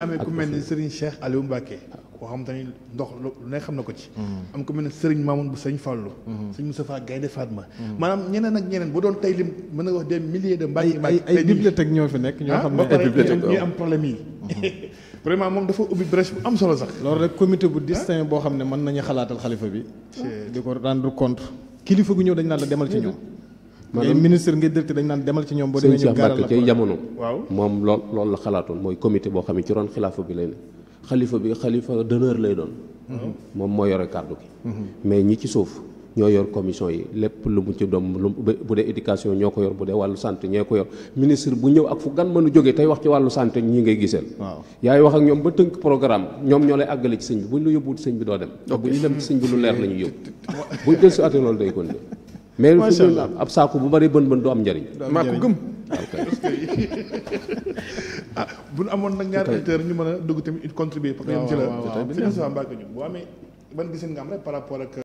amee ku mel ni Serigne Cheikh Aliou Mbacke koo xam te ni ndox lu ne xam na ko ci mm-hmm. am ku mel ni Serigne Mamoun bu Sëñ Fallou mm-hmm. Sëñ Moustapha Gaynde Fatma mm-hmm. maanaam ñeneen ak ñeneen bu doon tey lim mën na wax des milliers de Mbacke Mbacke ay bibliothèque ñoo fi nekk ñoo ah, xam ne ay bibliothèque ñuy am problème yi moom dafa ubbi brèche bu am solo sax loolu rek comité bu ah? distinct boo xam ne mën nañu xalaatal xalifa bi di ko rendre compte kilifa gu ñëw dañ naan la demal ci ñoom maanaam ngay ministre ngay directeur dañ naan demal ci ñoom. boo demee ñu gaaral la ci jamono. waaw moom lool loolu la xalaatoon mooy comité boo xam ne ci ron xilaafa bi lay ne xalifa bi xalifa d'honneur lay doon. Mm-hmm. moom moo yore kàddu gi. Mm-hmm. mais ñi ci suuf ñoo yor commission yi lépp lu mu ci doom lu bu dee éducation ñoo ko yor bu dee wàllu santé ñoo ko yor ministre bu ñëw ak fu gan mënu jógee tey wax ci wàllu santé ñi ngay giseel. waaw yaay wax ak ñoom ba tënk programme ñoom ñoo lay àggale ci sëñ bi buñ la yóbbuwut sëñ bi doo dem. ok bu ñu dem ci sëñ bi lu leer la ñuy yóbbu buñ dellusiwaatee loolu day continuer mais ab saako bu bari bën bën du am njëriñ. maa ko gëm. ah bu nu amoon nag ñaari acteurs ñu mën a dugg tamit contribuer. waaw waaw waaw parce que ñoom ah, ci la. waaw waaw waaw Mbacke ñun boo amee ban gis nga am rek par rapport ak.